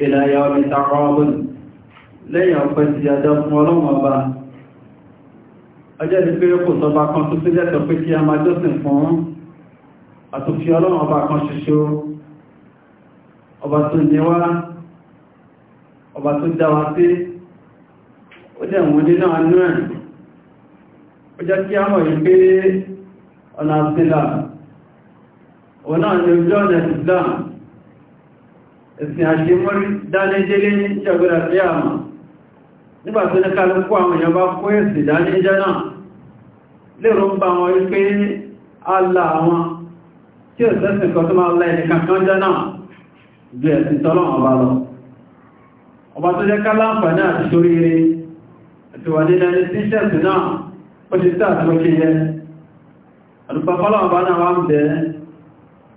إلى يوم تقابل lẹ́yìn ọ̀pẹ́ ti yàjá fún ọlọ́run ọba ọjọ́ ìpé kò sọba kan tó sí lẹ́tọ̀ pé kí a máa jọ́sìn fún àtúnfí ọlọ́run ọba kan ṣoṣo ọba tó níwá ọba tó dáwà sí ó jẹ́ ìwọ̀n nínú àánú ẹ̀sìn àṣemọ́rí dánẹ́jẹ́lé ní ìjọgbẹ̀rẹ̀ sí àmà nígbàtí ní kálùkù àwọn èèyàn bá kó ẹ̀sìn dánẹ́jẹ́ náà lérò ń bá wọn wípé àlà àwọn tí ó sẹ́sìn kan tó máa lá ẹni kankan jẹ́ náà ju ẹ̀sìn tọ́lọ̀ ọba lọ ọba tó jẹ́ kálàǹfààní àti ṣoríire àti wà nínú ẹni tí ṣẹ̀sìn náà ó ti tẹ́ àti ó ṣe yẹ àdùpàpọ́lọ̀ ọba náà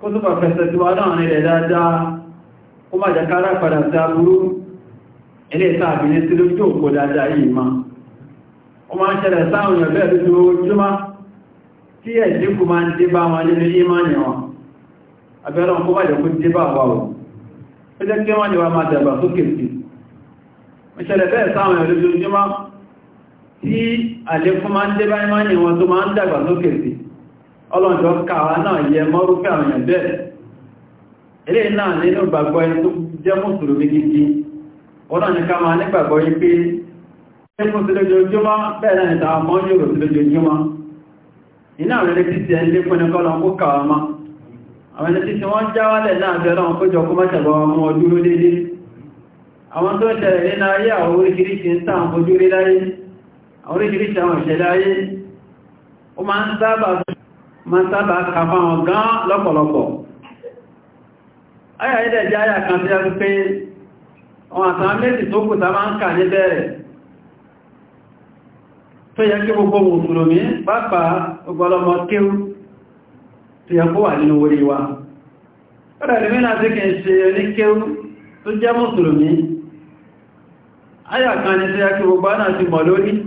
kó tó bá fẹsẹ̀ tí wá láàrin rẹ̀ dáadáa ó má jàkárá padà sí aburú ilé ìsáàbí ní sí lójú òkú dáadáa yìí ma ó máa ń ṣẹlẹ̀ sáwọn èèyàn bẹ́ẹ̀ lójoojúmọ́ tí ẹ̀dínkù máa ń dé bá wọn nínú ìmánì wọn abẹ́rẹ́ wọn máa dàgbà wọn tó máa ń dàgbà sókè sí ọlọ́njọ́ káwà náà yẹ mọ́rúfẹ́ àwọn èèyàn bẹ́ẹ̀ ilé náà nínú gbàgbọ́ ẹni tó jẹ́ mùsùlùmí gidi ọ̀nà ní ká máa nígbàgbọ́ yí pé ẹkùn sí lójoojúmọ́ bẹ́ẹ̀ náà ìta ọmọ yóò sí lójoojúmọ́ iná rẹ̀ títí ẹni lé fún ẹkọ́lọ kó kàwà má àwọn ẹni títí wọ́n jáwálẹ̀ náà bẹ̀rẹ̀ wọn kójọ kó mọ́ṣẹ̀bọ̀ ọmọ ọdúró dédé àwọn tó ṣẹlẹ̀ nínú ayé àwọn oríṣiríṣi ń tàn fojú rí láyé àwọn oríṣiríṣi àwọn ìṣẹ̀lẹ̀ ayé ó máa ń sábà máa sábà ka fáwọn gán lọ́pọ̀lọpọ̀ ayà ilẹ̀ jẹ́ ayà kan tí a ti pé wọn àtàwọn méjì tó kù sábà ń kà ní bẹ̀rẹ̀ tó yẹ kí gbogbo mùsùlùmí pápá ọgbọ̀lọmọ kéwú tó yẹ kó wà nínú orí wa ọ̀rẹ̀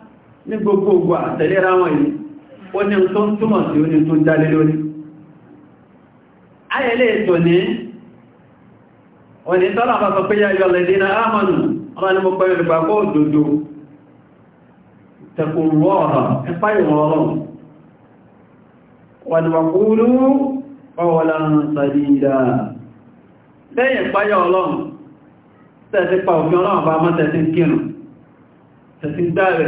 ní gbogbo ogun àtẹ̀lẹ́ra wọn yìí ó ní tó ń túmọ̀ sí ó ní tó dálé lórí ayẹ̀lẹ́ ètò ní ọ̀nà ìtọ́lá àpapọ̀ pé yáyọ lẹ́dínà ámànù ọmọ ni mo pẹ̀lú ìgbàkó òdòdó tẹ̀kùrù ọ̀rọ̀ ẹ̀pá ìwọ̀n ọ̀rọ̀ wà ní wàkúrú ọwọ́lá sàdídà lẹ́yìn ìpáyà ọlọ́run tẹ́ẹ̀sí pa òfin ọlọ́run bá mọ́ tẹ́ẹ̀sí kírùn tẹ́ẹ̀sí dáre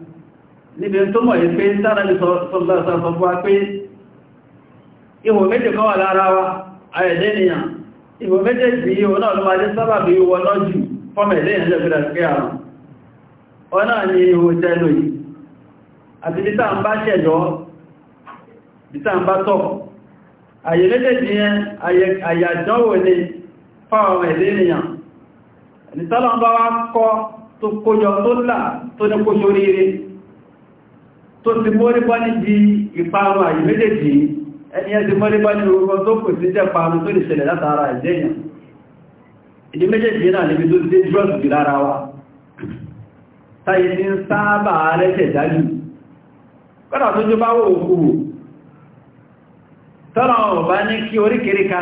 níbi tó mọ̀ yí pé sára ní sọ́lọ́sọ́ fún wa pé ihò méjì kan wà lára wa ayẹ̀dẹ́ nìyàn ihò méjì bí ihò náà ló máa jẹ́ sábà bí ihò náà jù fọ́mẹ̀lẹ́ ìyànjẹ́ àrùn ni ihò tẹ́lò yìí àti bí táà ń bá ṣẹ̀jọ́ bí táà ń bá tọ̀ àyè méjèèjì yẹn àyàjọ́wò ni fáwọn ẹ̀dẹ́ nìyàn tó ti mórí bá níbi ìparun àyí méjèèjì ẹni ẹni mórí bá ní orúkọ tó kò sí jẹ́ parun tó lè ṣẹlẹ̀ látara ìjẹyàn ìdí méjèèjì náà níbi tó dé drọ́sù jù lára wa táyé ti dájú kọ́nà tó bá wò tọ́nà ọ̀bá ní kí oríkèríkà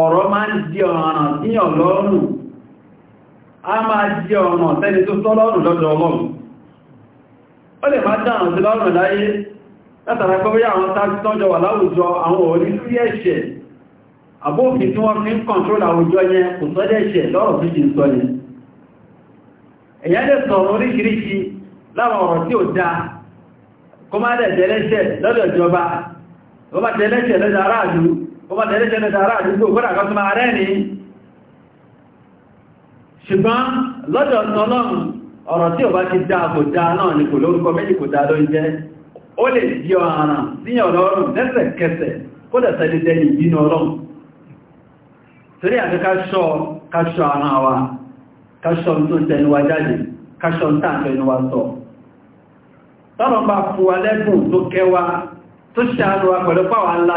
ọ̀rọ̀ máa ń di ọ̀ràn ní ọlọ́rùn a máa di ọ̀ràn tẹ́ni tó sọ lọ́rùn lọ́dọ̀ ọlọ́run ó lè máa dáhùn sí lọ́rùn láyé látara bóyá àwọn tàbí tọ́jọ wà láwùjọ àwọn orí sí ẹ̀ṣẹ̀ tí wọ́n fi ń kọ̀ntrol àwùjọ yẹn kò sọ́dẹ̀ ẹ̀ṣẹ̀ ọ̀rọ̀ ọba tẹ́lẹ́tẹ́lẹ́ tààrà àdúgbò kọ́dà kan tó máa ni, ní ṣùgbọ́n lọ́dọ̀ ọlọ́run ọ̀rọ̀ tí ọba ti dáa kò dáa náà ni kò lórúkọ méjì kò dáa ló ń jẹ́ ó lè di ọ̀ràn sí ọlọ́run lẹ́sẹ̀kẹsẹ̀ kó lẹ̀ tẹ́lẹ́tẹ́ ìbínú ọlọ́run torí àti káṣọ káṣọ ara wa káṣọ tó tẹnuwa jáde káṣọ tààtẹnuwa sọ tọ́rọ bá wa lẹ́gùn tó kẹwa tó ṣàánú wa pẹ̀lú pàwà ńlá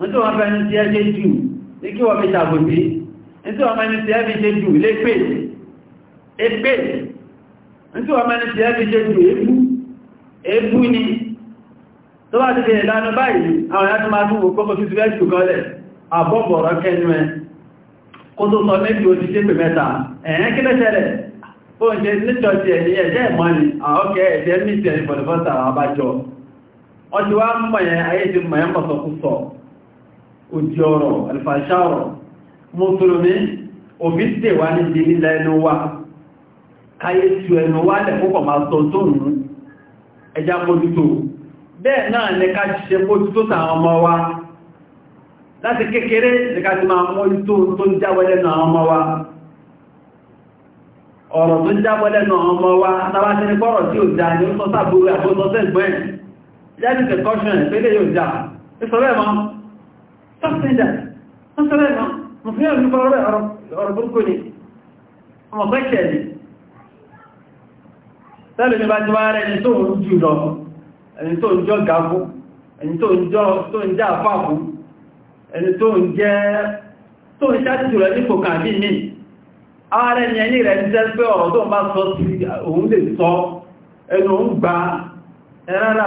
tí wọ́n fẹ́ni tí ẹ ṣe jù ní kí wọ́n fi ṣàbòsí ní tí wọ́n mẹ́ni tí ẹ fi ṣe jù lé pè épè ní wọ́n tí fi jù ébú ébú ni tó bá ti fi ìlànà báyìí àwọn ìyá tó máa tún gbogbo fi ti rẹ́ṣù kọlẹ̀ àbọ́bọ̀rọ̀ kẹnu ẹ kó tó sọ méjì ó ti ṣe mẹ́ta ẹ̀yẹn kí lẹ́ṣẹ̀lẹ̀ ó ń ṣe ẹ̀jẹ́ àọ́kẹ́ ẹ̀jẹ́ ọjọ́ wá mọ̀ yẹn òdì ọ̀rọ̀ alfàṣà ọ̀rọ̀ mùsùlùmí òbí tè wá ní di nílẹ̀ ẹnu wa káyé tu ẹnu wá lẹ̀ púpọ̀ máa sọ tó nù ẹjá mójútó bẹ́ẹ̀ náà ní ká ṣe mójútó tàwọn ọmọ wa láti kékeré ní ká ti máa mójútó tó ń jáwẹ́lẹ́ náà ọmọ wa ọ̀rọ̀ tó jábọ́ lẹ́nu ọmọ wa tàbá tí ní pọ́rọ̀ já ní ó sọ sáàbúrú àbótọ́sẹ́gbọ́n ẹ̀ yẹ́ ní precaution Stop saying that. Don't say that, no. Mùsùlùmí ọ̀rọ̀ nípa ọ̀rọ̀ ọ̀rọ̀ burúkú ni, ọmọ bẹ́kẹ̀ ni. Tẹ́lù ní bá ti wáyé ẹni tó ń jù lọ, ẹni tó ń jọ gàfú, ẹni tó ń jẹ́ àfáàfú, ẹni tó ń jẹ́ tó ń ṣáàtì rẹ̀ ní kò kàn bí mi. Ààrẹ ni ẹni rẹ̀ ń jẹ́ pé ọ̀rọ̀ tó ń bá sọ sí òun lè sọ, ẹnu ń gba ẹ̀rárá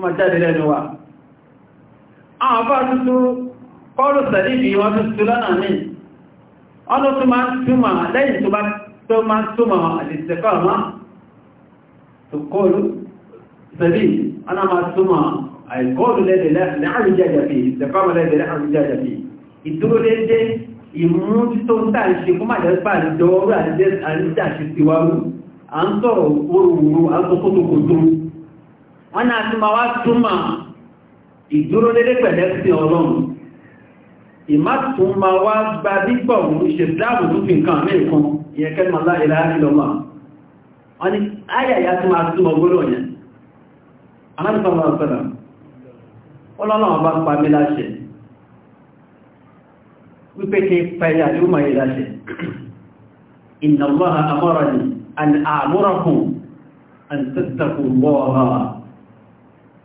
ma jáde lẹ́nu wa àwọn bá tuntun kọlù sàdíbì wọ́n tún tún lọ́nà ní ọdún tó máa túnmà lẹ́yìn tó bá tó máa túnmà àdìsẹ̀kọ́ ọmọ tó kọlù sàdíbì ana máa túnmà àìkọlù lẹ́dẹ̀lẹ́ ìmú tó ń tàà ṣe kó máa jẹ́ pàdé jọ orí àdíjẹ́ àdíjẹ́ àṣìṣíwárú à ń sọ̀rọ̀ orúurú àtọ́kótókótó wọ́n náà tí ma wá túnmà ìdúró dédé pẹ̀lẹ́ sí ọlọ́run ìmá tún ma wá gba bígbọ̀ òun ṣe dáàbò tó fi nǹkan àmì nǹkan ìyẹn kẹ́mọ̀ láìlá ìlọ́mà wọ́n ni ayàyà tí ma túnmọ̀ gbọ́rọ̀ yẹn anábìsọ́mọ̀ ọ̀sẹ̀lẹ̀ ọlọ́lọ́wọ́ bá pa mí láṣẹ wípé kí pẹ̀lú àdúgbà yìí láṣẹ ìnàlọ́ha amọ́rọ̀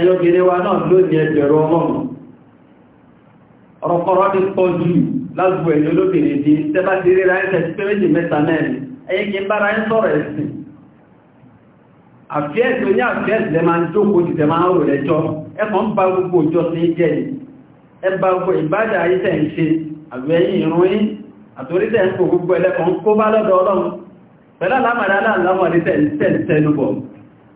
ẹyọ́gẹ̀rẹ́ wa náà lónìí ẹgbẹ̀rọ ọlọ́run ọ̀rọ̀kọ́rọ́ ní pọ̀ jù lágbò ẹ̀yọ́ lóbìnrin di tẹ́bá ti rí ra ẹ́sẹ̀ pé méjì mẹ́ta mẹ́rin ẹyẹ́ kí ń bára ẹ́ sọ̀rọ̀ ẹ̀sìn àfíẹ́sì oní àfíẹ́sì lẹ máa ń jókòó ti tẹ́mà ń rẹ̀ jọ ẹkàn ń bá gbogbo òjò sí jẹ́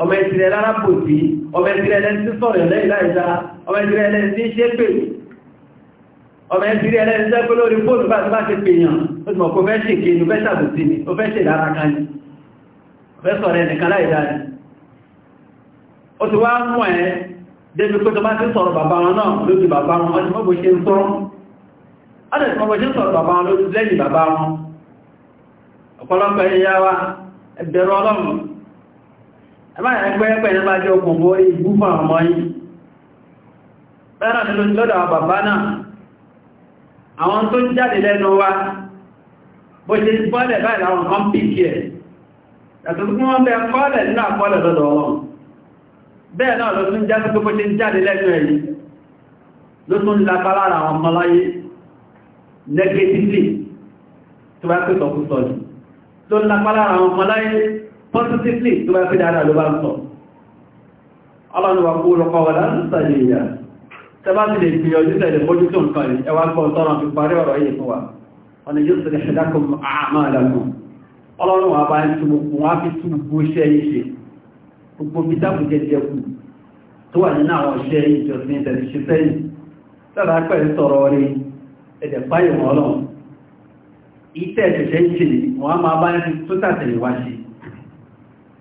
ọmọ ìsìnlẹ̀ lára kò sí ọmọ ìsìnlẹ̀ lẹ́ni tí sọ̀rọ̀ lẹ́yìn láìsá ọmọ ìsìnlẹ̀ lẹ́ni tí ṣe pè ọmọ ìsìnlẹ̀ lẹ́ni tí ṣẹ́pẹ́ lórí fóònù bá ti bá ti pè yàn ó ti mọ̀ kó fẹ́ ṣe kéènù fẹ́ ṣàbùsí ni ó fẹ́ ṣe lára kan ni ó fẹ́ sọ̀rọ̀ ẹnìkan láìsá ni ó ti wá mú ẹ débi pé tó bá ti sọ̀rọ̀ bàbá wọn náà lójú bàbá wọn ó ti mọ́ bó ṣe ń sọ̀rọ̀ ó ọ̀pọ̀lọpọ̀ ẹ̀yà wa ẹ̀bẹ̀rẹ̀ ọlọ́run ẹ̀báyà ẹgbẹ́ẹ̀pẹ̀ ní bá jẹ́ okùnbó ìgbú fún àwọn ọmọ yìí bẹ́rẹ̀ nínú lọ́dọ̀ àwọn bàbá náà àwọn tó jáde lẹ́nu wa bó ṣe bọ́lẹ̀ báyìí àwọn kan pìkì ẹ̀ yàtọ̀ tó wọ́n bẹ kọ́lẹ̀ nínú àkọọ́lẹ̀ lọ́dọ̀ wọn bẹ́ẹ̀ náà ló tún jáde pé bó ṣe jáde lẹ́nu ẹ̀yìn ló tún lápá lára àwọn ọmọ láyé negatively tó bá pẹ́ sọkúsọ ló lápá lára àwọn ọmọ láyé positively tó bá fi dáadáa ló bá ń sọ ọlọ́nuwà kó lọ́kọ́ wọ́lá ń sàlẹ̀ ìyà tẹ́bá ti lè gbìyànjú tẹ́lẹ̀ mójú tó nǹkan ní ẹwà kọ́ tọ́nà fi parí ọ̀rọ̀ yìí fún wa ọ̀nà yóò sọ̀rọ̀ ṣẹ̀dákùn àmàlàkùn ọlọ́run wà bá ń tún wọ́n fi tún gbogbo iṣẹ́ yìí ṣe gbogbo bí dákùn jẹjẹ máa bá ń tún tàtẹ̀lẹ̀ ṣe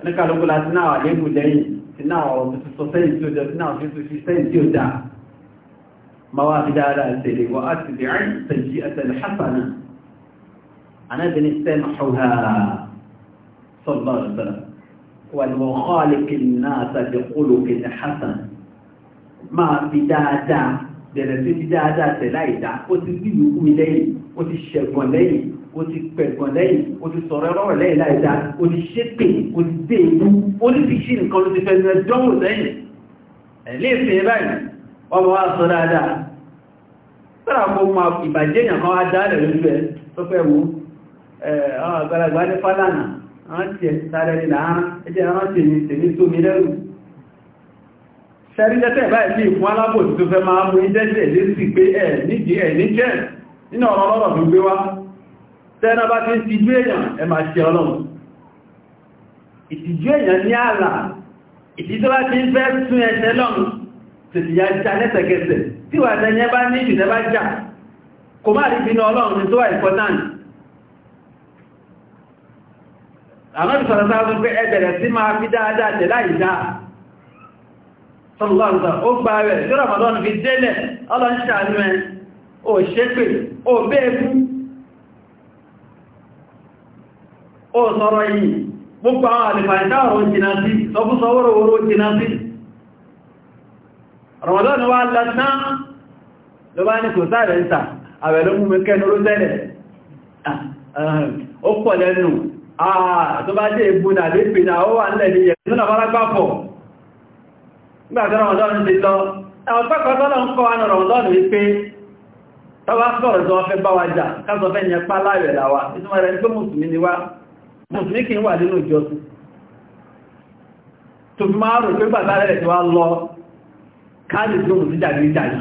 oníkàlùkù láti náà àlébù lẹ́yìn tí náà ọ̀rọ̀ tó sẹ́yìn tí ó jẹ́ tí náà fi tó fi sẹ́yìn tí ó dá ma wá fi dáadáa tẹ̀lé wọ́n á ti bẹ̀rẹ̀ tẹ̀jì ẹ̀tẹ̀lẹ̀ hasana anábìnrin sẹ́m ṣọ́há sọ́lọ́rọ̀sọ́lọ́ o ti pẹ̀gbọ̀n lẹ́yìn o ti sọ̀rọ̀ ọlọ́rọ̀ lẹ́yìn láìda o ti ṣépè o ti dé inú o ti fi ṣí nǹkan o ti fẹ́ ẹ dánwò lẹ́yìn ẹ̀lẹ́ ìfẹ́ báyìí ọmọ wa sọ dáadáa sára kó ma ìbàjẹ́ èèyàn kan wá dáálẹ̀ lójú ẹ tó fẹ́ mú àgbàlagbà ní fálànà rántí ẹ sáré ní láàrín ẹjẹ́ rántí ní tèmi tó mi lẹ́rù sẹ́rí jẹ́tẹ̀ báyìí sí ìfún alábòsí tó fẹ́ máa mú ìjẹ́jẹ́ lé sí pé ẹ̀ nídìí ẹ̀ níjẹ́ nínú ọ̀rọ̀ tó gbé wá tẹ́nà bá ti ń tijú èèyàn ẹ máa ṣe ọlọ́run ìtìjú èèyàn ní ààlà ìtìjú bá ti fẹ́ tún ẹ̀ṣẹ̀ lọ́run tètè já lẹ́sẹ̀kẹsẹ̀ tí wà tẹ́yẹ bá ní ìjìnlẹ̀ bá já kò má rí bínú ọlọ́run tó ó sọ̀rọ̀ yìí gbogbo àwọn àlìfàìdáàrùn jìnà sí sọfúsọwọ́rọ̀ oró jìnà sí rọ̀mọ̀lọ́nà wá lásán ló bá ní kò sáré ń ta àwẹ̀lú mú mẹ́kẹ́ ní orúsẹ́lẹ̀ ó pọ̀ lẹ́nu ah, tó bá jẹ́ ìbú nà lè pè náà ó wà nílẹ̀ ní ẹ̀sùn náà fara gbápọ̀ nígbàtọ́ rọ̀mọ̀lọ́nà ti lọ àwọn wá fẹ́ bá wa jà ká sọ fẹ́ pá láàrẹ̀ làwà ìtumọ̀ rẹ̀ ń pé mùsùlùmí ni wá mùsùlùmí kì í wà nínú ìjọsìn tó fi máa rò pé bàbá rẹ̀ tí wá lọ káàlì tó mù sí jàgídíjàgí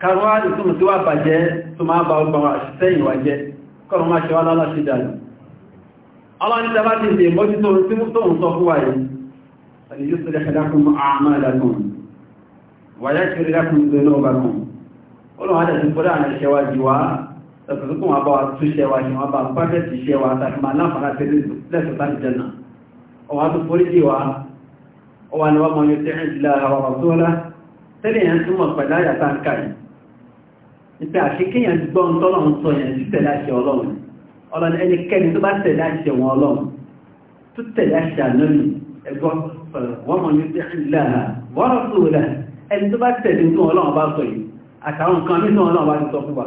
káàlì tó mù sí wà bàjẹ́ tó máa bá ọgbà wà sẹ́yìn wà jẹ́ kọ́nà máa ṣe wá lálàṣí dànù ọlọ́nìta bá ti dè mọ́jútó tí tó ń sọ fún wa yìí فليصلح لكم أعمالكم ويكفر لكم ذنوبكم قلوا هذا في القرآن الشواج ẹ̀sùn tó wọ́n bá wa tún iṣẹ́ wa ṣe wọ́n bá pàtẹ́tì iṣẹ́ wa tàbí máa láǹfààní àti lẹ́sùn láti jẹ́nà ọwọ́ tó forí jì wa ọwọ́ ni wọ́n mọ yóò tẹ́ ẹ̀jì lára ọ̀rọ̀ tó lá tẹ́lẹ̀ yẹn túnmọ̀ pẹ̀lú àyàtà ń kà yìí ìpẹ́ àṣekéyàn gbọ́ ń tọ́lọ̀ ń sọ yẹn títẹ̀ láṣẹ ọlọ́run ọlọ́ni ẹnikẹ́ni tó bá tẹ̀ láṣẹ wọn ọlọ́run tó tẹ̀ láṣẹ ànámi ẹgbọ́ wọ́n mọ̀ yóò tẹ́ ẹ̀jì lára wọ́n rọ̀ tó lá ẹni tó bá tẹ̀lé tó ọlọ́run bá sọ yìí àtàwọn nǹkan nínú ọlọ́run bá ti sọ fún wa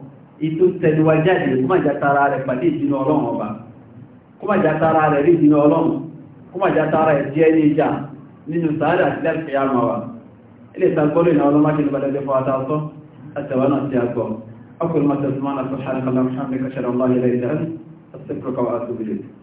ìtò tẹnuwa jáde kó má jà tara rẹ̀ pàdé ìdínà ọlọ́run ọba kó má jà tara rẹ̀ rí ìdínà ọlọ́run kó má jà tara ẹ̀ jẹ́ ní ìjà nínú sàárà àti láti أقول ما تسمعنا سبحانك اللهم وبحمدك أشهد أن لا إله إلا